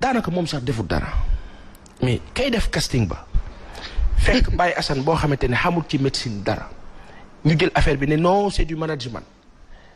daanaka moom sax deful dara mais kay def casting ba fekk mbay Assane boo xamante ne xamul ci médecine dara ñu jël affaire bi ne non c'est du management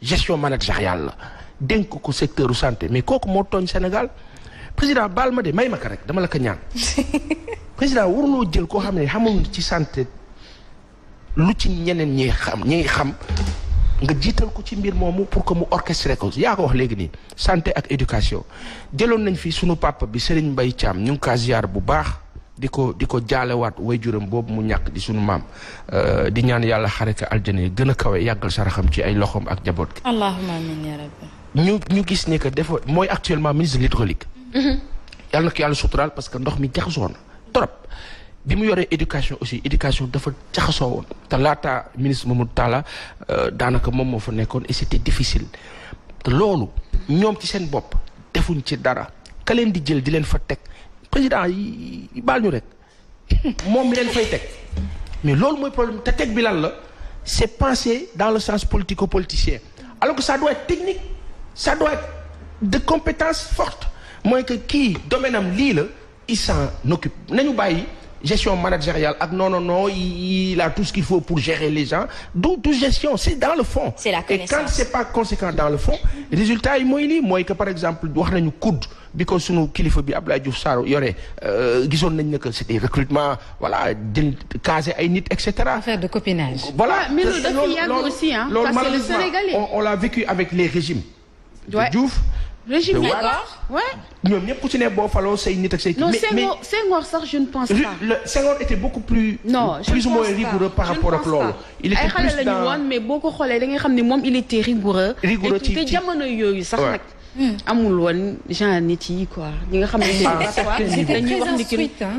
gestion managériale la dénk ko secteur santé mais kooku moo tooñ Sénégal président baal ma de may ma ko rek dama la ko ñaan président waruloo jël koo xam ne xamul ci santé lu ci ñeneen ñi xam ñi xam nga jiital ko ci mbir moomu pour que mu orchestré ko yaa ko wax léegi nii santé ak éducation jëloon nañ fii suñu papa bi Serigne Mbaye Thiam ñu ngi kaa bu baax di ko di ko jaalewaat waajuram boobu mu ñàkk di sunu maam euh, di ñaan yàlla xare ko aljana gën a kawe yàggal saraxam ci ay loxoom ak njaboot gi. allahumma amiin ñu ñu gis ne que mooy actuellement ministre de l'hydraulique. Mhm. yàlla na ko yàlla suturaal parce que ndox mi jaxasoo na trop. bi mu yoree éducation aussi éducation dafa jaxasoo woon te laata ministre Mamadou Talla euh, daanaka moom moo fa nekkoon et c'était difficile te loolu ñoom ci seen bopp defuñ ci dara ka leen di jël di leen fa teg président yi baal ñu rek moom mi leen fay teg mais loolu mooy problème te teg bi lan la c'est pensé dans le sens politico-politicien alors que ça doit technique ça doit de compétences fortes mooy que kii domaine am lii la il s'en occupe nañu bàyyi gestion managériale ak non non non il a tout ce qu'il faut pour gérer les gens du du gestion c'est dans le fond. c'est la connaissance et quand c'est pas conséquent dans le fond. résultat yi mooy lii mooy que par exemple wax nañu COUD bi ko sunu kilifa bi Abdoulaye Diouf Sarr yore euh, gisoon nañ ne que c'est des recrutements voilà jël caser ay nit et cetera. affaire de copinage. voilà ah, mais loolu dafa yàgg aussi hein. parce on l'a vécu avec les régimes. Diouf. régime Senghor ouais. ñoom ñëpp ku ci ne boo faloo say nit ak say. non Senghor Senghor sax je ne pense pas. le Senghor était beaucoup plus. ou moins rigoureux par rapport ak loolu. il était plus dans mais boo ko xoolee da nga xam ne moom il était rigoureux. rigoureux ci ci te jamono sa sax Hmm. amul woon genre nit yi quoi ñi nga xam ne dañuy wax ni ki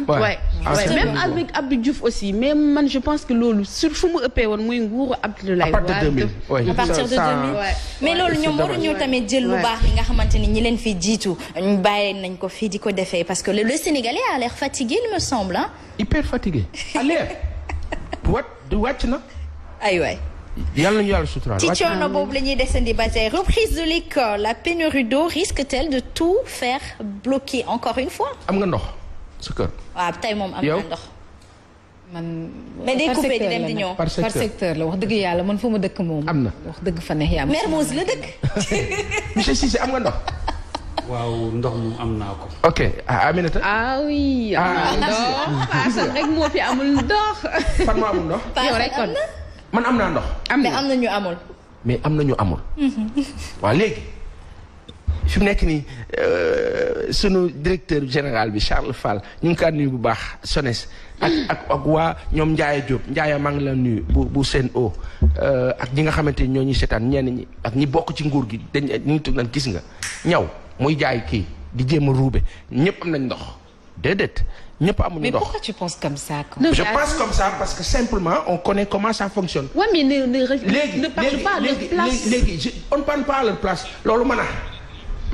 ouais ah, même avec Abdou Diouf aussi mais man je pense que loolu sur fu mu ëppee woon muy nguuru Abdoulaye Wade à partir de 2000 mais loolu ñoom waruñu tamit jël lu baax li nga xamante ni ñi leen fi jiitu ñu bàyyi nañ ko fii di ko defee parce que le Sénégalais a l'air fatigué il me semble ah hyper fatigué a l'air wàcc na ay waay yàlla na ñu yàlla suturaal. ci coono boobu la ñuy desandi ba tey reprise de l'école la pénurie d'eau risque-t-elle de tout faire bloquer encore une fois. am nga ndox sa kër. waaw tey moom am nga ndox. man mais day coupé di dem di ñëw par secteur la wax dëgg yàlla man fu ma dëkk moom. am na wax dëgg fa neex yaa Mermoz la dëkk. monsieur Cissé am nga ndox. waaw ndox mu am naa ko. ok ah Aminata. ah oui. ah ndox rek moo fi amul ndox. fan moo amul ndox. yow rek kon. man am naa ndox. am mais am na ñu amul. mais am na ñu amul. waa léegi fi mu nekk nii euh, sunu directeur général bi Charles Fall ñu ngi kaa nuyu bu baax SONES. ak ak ak waa ñoom Ndiaye Diop Ndiaye maa ngi la nuyu bu bu seen o euh, ak ñi nga xamante ni ñoo ñuy seetaan ñeen ñi ak ñi bokk ci nguur gi dañ ñu ngi tudd gis nga ñaw muy jaay kii di jéem a ruube ñëpp am nañ ndox. déedéet ñëpp amuñu ndox mais pourquoi tu penses comme ça. je pense comme ça parce que simplement on connaît comment ça fonctionne. waaw ouais, mais ne léegi parle pas place léegi on ne parle pas à loolu mën a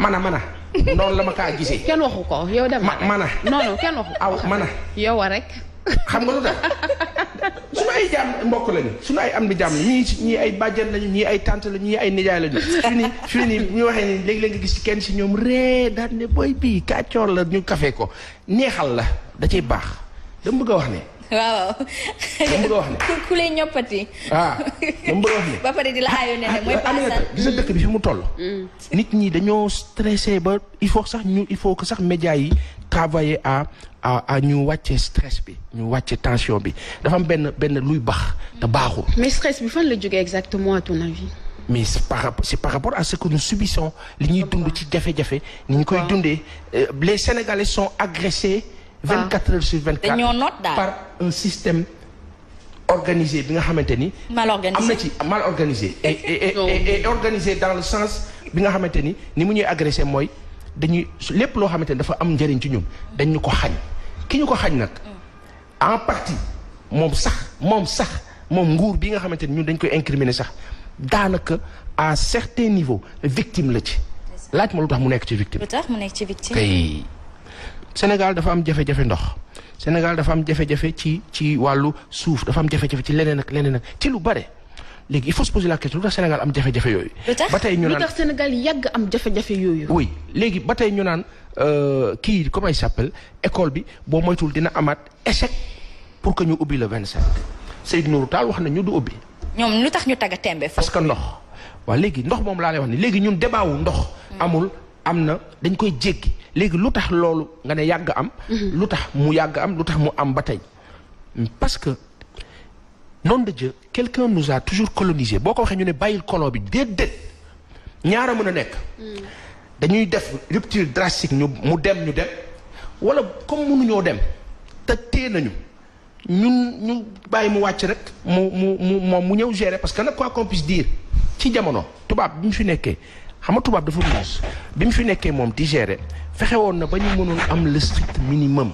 mën a mën a noonu la ma kaa gisee. kenn waxu ko yow dem ma mën a. non non kenn waxu ko aw mën a yow rek. xam nga lu tax suñu ay jàmm mbokk lañu suñu ay am di jàmm ñii ñii ay bàjjan lañu ñii ay tante lañu ñii ay nijaay lañu fi ni fi ñu waxee ni léegi-léeg nga gis ci kenn si ñoom ree daan ne booy bii kàccoor la ñu kafe ko neexal la da ciy baax dama bëgg a wax ne waaw. ku lay ñoppati. Ah, ba pare di la aayoo nene mooy. Ah, Aminata gis nga dëkk bi fi mu toll. Mm. nit ñi dañoo stressé ba il faut sax ñu il faut que sax médias yi travailler à à ñu wàcce stress bi ñu wàcce tension bi dafa am benn benn luy baax te baaxul. mais stress bi fan la jóge exactement à ton avis. mais c'est par, c'est par rapport à ce que nous subissons li ñuy dund ci jafe-jafe ni ñu koy dundee euh, les Sénégalais son agressés. 24 heures sur 24 dañoo noot daal par un système organisé bi nga xamante ni. mal am na ci mal organisé. et et organisé dans le sens bi nga xamante ni ni mu ñuy agressé mooy dañuy lépp loo xamante ni dafa am njëriñ ci ñun dañ ñu ko xañ ki ñu ko xañ nag. en partie moom sax moom sax moom nguur bi nga xamante ni ñun dañ koy incriminer sax daanaka à certains niveaux victim la ci. laaj ma lu tax mu nekk ci victime. mu nekk ci victime Sénégal dafa am jafe-jafe ndox Sénégal dafa am jafe-jafe ci ci wàllu suuf dafa am jafe-jafe ci leneen ak leneen ak ci lu bare léegi il faut se la question lu tax Sénégal am jafe-jafe yooyu. ba tey ñu naan am jafe-jafe yooyu. oui léegi ba tey ñu naan euh, kii comment il s'appelle école bi boo moytuwul dina amaat échec pour que ñu ubbi vingt 25 Seydou Nourou Tall wax na ñu du ubbi. ñoom lu tax ñu tagga tembe foofu. ndox waaw léegi ndox moom laa lay wax ni léegi ñun débat ndox. amul am na dañ koy jékki léegi lu tax loolu nga ne yàgg am. Mhm. lu tax mu yàgg am lu tax mu am ba tey parce que nom de Dieu quelqu'un toujours colonisé boo ko waxee ñu ne bàyyil koloo bi déedéet ñaara mën a nekk. Mm. dañuy def rupture drastique ñu mu dem ñu dem wala comme mënuñoo dem te tee nañu ñu ñu bàyyi mu wàcc rek mu mu mu moom mu ñëw gérer parce que nag quoi qu'on puisse ci jamono tubaab bi mu fi nekkee. xam nga tubaab dafa muus bi mu fi nekkee moom di gérer fexe woon na ba ñu mënoon am le strict minimum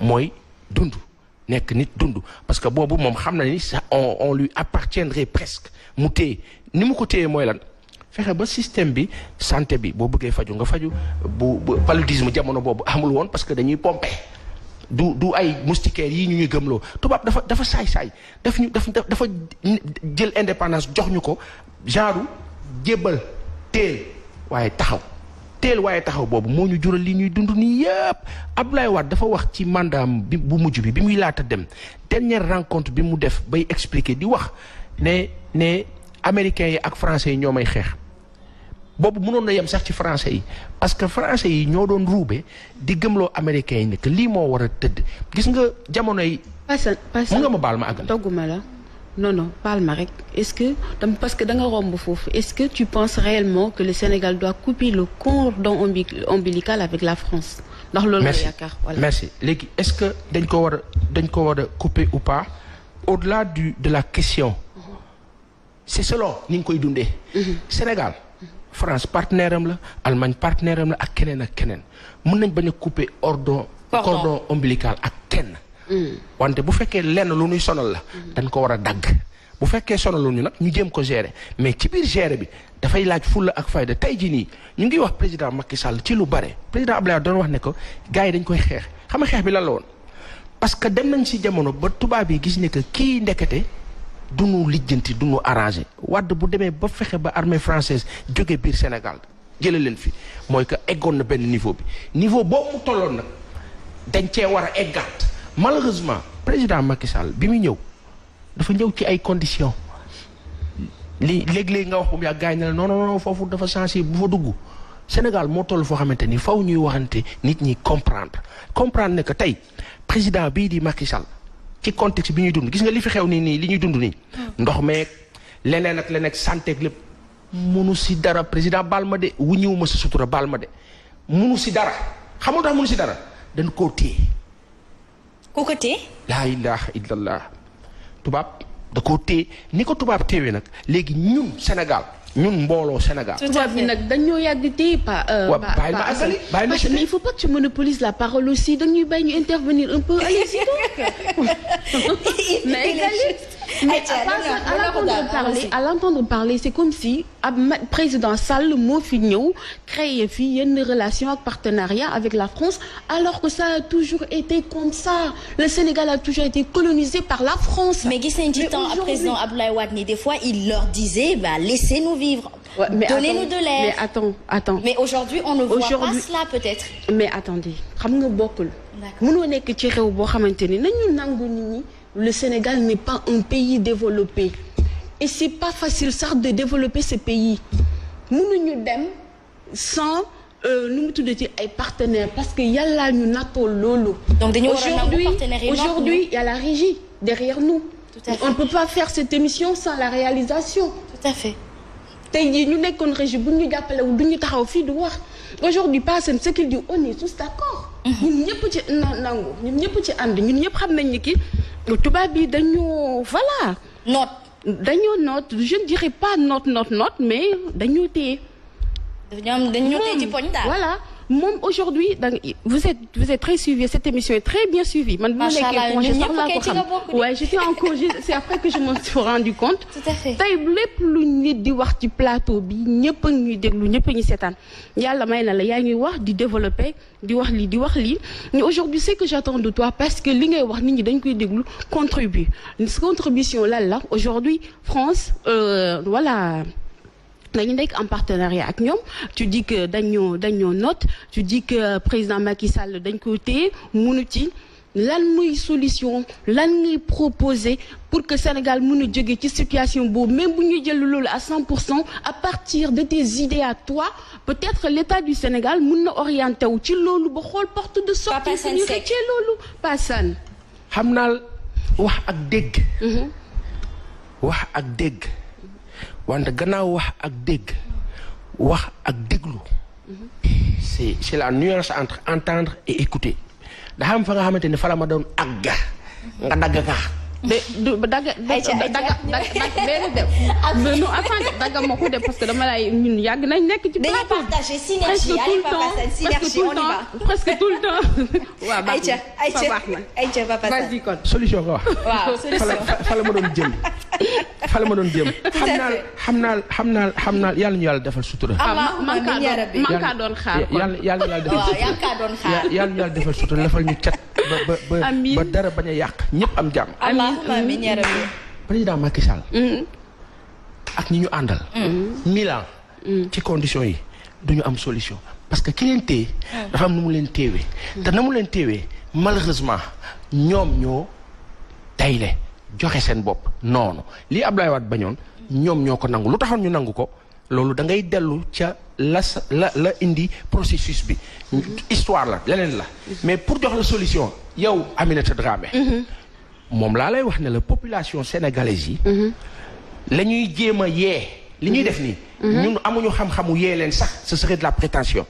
mooy dund nekk nit dund parce que boobu moom xam na ni sa on on lui appartiendrait presque mu téye ni mu ko téye mooy lan fexe ba système bi santé bi boo bëggee faju nga faju bu paludisme jamono boobu amul woon parce que dañuy pompe du du ay moustiquaires yii ñu ñuy gëmloo tubaab dafa dafa saay-saay daf ñu daf dafa jël indépendance jox ñu ko genre jébbal teel waaye taxaw teel waaye taxaw boobu moo ñu jural li ñuy dund nii yëpp Abdoulaye Wade dafa wax ci mandaam bi bu mujj bi bi muy laata dem dernière rencontre bi mu def bay expliquer di wax ne ne américains yi ak français yi ñoo may xeex boobu mënoon na yem sax ci français yi parce que français yi ñoo doon ruube di gëmloo américains yi ne que lii moo war a tëdd gis nga jamonoy. mu nga ma baal ma àgg. non non baal ma rek est-ce que tam parce que danga nga romb foofu est-ce que tu penses réellement que le Sénégal doit couper le cordon ombilical avec la France ndax loolu la yaakaar voilà merci léegi est-ce que dañ ko war a dañ ko war a couper ou au-delà du de la question c'est selon ni nga koy dundee mhm. Sénégal France partenaire am la Allemagne partenaire am la ak keneen ak keneen mun nañ bañ a couper cordon cordon ombilical ak kenn wante bu fekkee lenn lu nuy sonal la. dañ ko war a dagg. bu fekkee sonaloon ñu nag ñu jëm ko gérer mais ci biir gérer bi dafay laaj fulla ak fayda tey jii nii ñu ngi wax président Macky Sall ci lu bare président Abdoulaye doon wax ne ko gars yi dañ koy xeex xam nga xeex bi la woon. parce que dem nañ si jamono ba tubaab yi gis ne que kii ndekete du nu lijjanti du nu arrangé wadd bu demee ba fexe ba armée francaise jóge biir Sénégal jële leen fi mooy que eggoon na benn niveau bi niveau boobu tolloon nag dañ cee war a eggaat. malheureusement président Macky Sall bi muy ñëw dafa ñëw ci ay conditions li léeg-léeg nga wax bu yàgg gars yi ne la non non foofu dafa sensible bu fa dugg Sénégal moo toll foo xamante ni faw ñuy waxante nit ñi comprendre comprendre ne que tey président bii di Macky Sall ci contexte bi ñuy dund gis nga li fi xew nii nii li ñuy dund nii. Hmm. ndox meeg leneen ak leneen santé ak lépp. munu si dara président baal ma de wuñëw ma sa sutura baal ma de mu si dara xamul tax munu si dara dañ koo téye. ku ko téye. laa ilaha illallah tubaab da koo téye ni ko tubaab téewee nag léegi ñun Sénégal. ñun mbooloo Sénégal. tubaab bi nag dañoo yàgg di pa. Euh, waaw bàyyi ma asali bàyyi ma parce que il faut pas que tu dañuy bàyyi ñu intervenir un peu allez-y donc. mais à l'entendre parler à l'entendre parler c'est comme si président Sall moo fi ñëw créer fii yenn relation ak partenariat avec la France alors que ça a toujours été comme ça le Sénégal a toujours été colonisé par la France. mais gis nañ ci temps à président Abdoulaye Wade des fois il leur disait bah laissez-nous vivre. donnez-nous de l'air mais attends attends. mais aujourd'hui on ne voit pas cela peut-être. mais attendez xam nga bokkul. d'accord mënoo nekk ci réew boo xamante ni nañu nangu le Sénégal n'est pas un pays développé et c'est pas facile sax de développer ce pays mënuñu dem sans euh, nu mu tuddati ay partenaires parce que yàlla ñu nattoo loolu. donc dañu aujourd'hui aujourd'hui a la régie derrière nous. tout à fait on peut pas faire cette émission sans la réalisation. tout à fait. tey jii ñu nekkoon régie bu ñu jàppale wu du ñu taxaw fii du wax aujourd'hui pas seen se qu'il dit on est tous d'accord. Mhm. ñun ñëpp ci nangu ñun ñëpp ci ànd ñun ñëpp xam nañ ni ki Euh, tubaab bi dañoo voilà. noot dañoo noot je ne dirais pas noot noot noot mais dañoo téye. ñoom dañoo téye ci poñ daal voilà. moom aujourd'hui da vous êtes très suivi cette émission est très bien suivie man. macha allah ñun ñëpp kay ci en congé c'est après que je m'en suis rendu compte. tout à fait tey lépp lu nit di wax ci plateau bi ñëpp a ñuy déglu ñëpp a seetaan yàlla may na la yaa ngi wax di développer di wax lii di wax lii mais aujourd'hui c'est que j'attends de toi parce que li ngay wax nit ñi dañ koy déglu contribue contribution lan la aujourd'hui France euh, voilà. nañu nekk en partenariat ak ñoom tu dis que dañoo dañoo note tu dis que euh, président Macky Sall dañ ko téye munu ci lan muy solution lan ngay proposer pour que Sénégal mën nu jóge ci situation boobu même bu ñu jël loolu à 100 pour cent à partir de tes idées à toi peut-être l'État du Sénégal mën na orienté wu ci loolu ba xool porte de sortie suñu xëccee loolu Passane xam naa wax ak dégg mhm. wax ak dégg wante gannaaw wax ak dégg wax ak déglu c'est c'est la nuance entre entendre et écouter dafa am fa nga xamante ni fa la ma doon àgg nga dagg ka de du daga daga daga attendez daga ma ko de parce que dama lay ñun yàgg nañ nekk ci plateau presque tout le temps presque tout le temps presque tout le temps waaw baax na ayca papa vas-y kon solution nga wax waaw solution fa la ma doon jëm fa la ma doon jëm xam naa xam naa xam naa xam naa yàlla ñu yàlla defal sutura ah, ah, man kaa doon xaar yàlla ñu yàlla defal sutura lafal ñu cat ba ba ba dara bañ a yàq ñëpp am jàmm. amiin président Macky Sall. Mm-hmm. ak ñi ñu àndal. Mm-hmm. Milan. Mm-hmm. ci conditions yi duñu am solution parce que ki leen téye. Mm. dafa am nu mu leen téewe mm. te na mu leen téewee malheureusement ñoom ñoo tayle joxe seen bopp noonu lii Abdoulaye Wade bañoon ñoom ñoo ko nangu lu taxoon ñu nangu ko. loolu da ngay dellu ca la la la indi processus bi histoire la leneen la mais pour jox la solution yow Aminata Dramé mm-hmm. moom laa lay wax ne la population sénégalaise yi mm-hmm. la ñuy jéem a yee li ñuy mm-hmm. def nii ñun amuñu xam-xamu yee leen sax ce serait de la prétention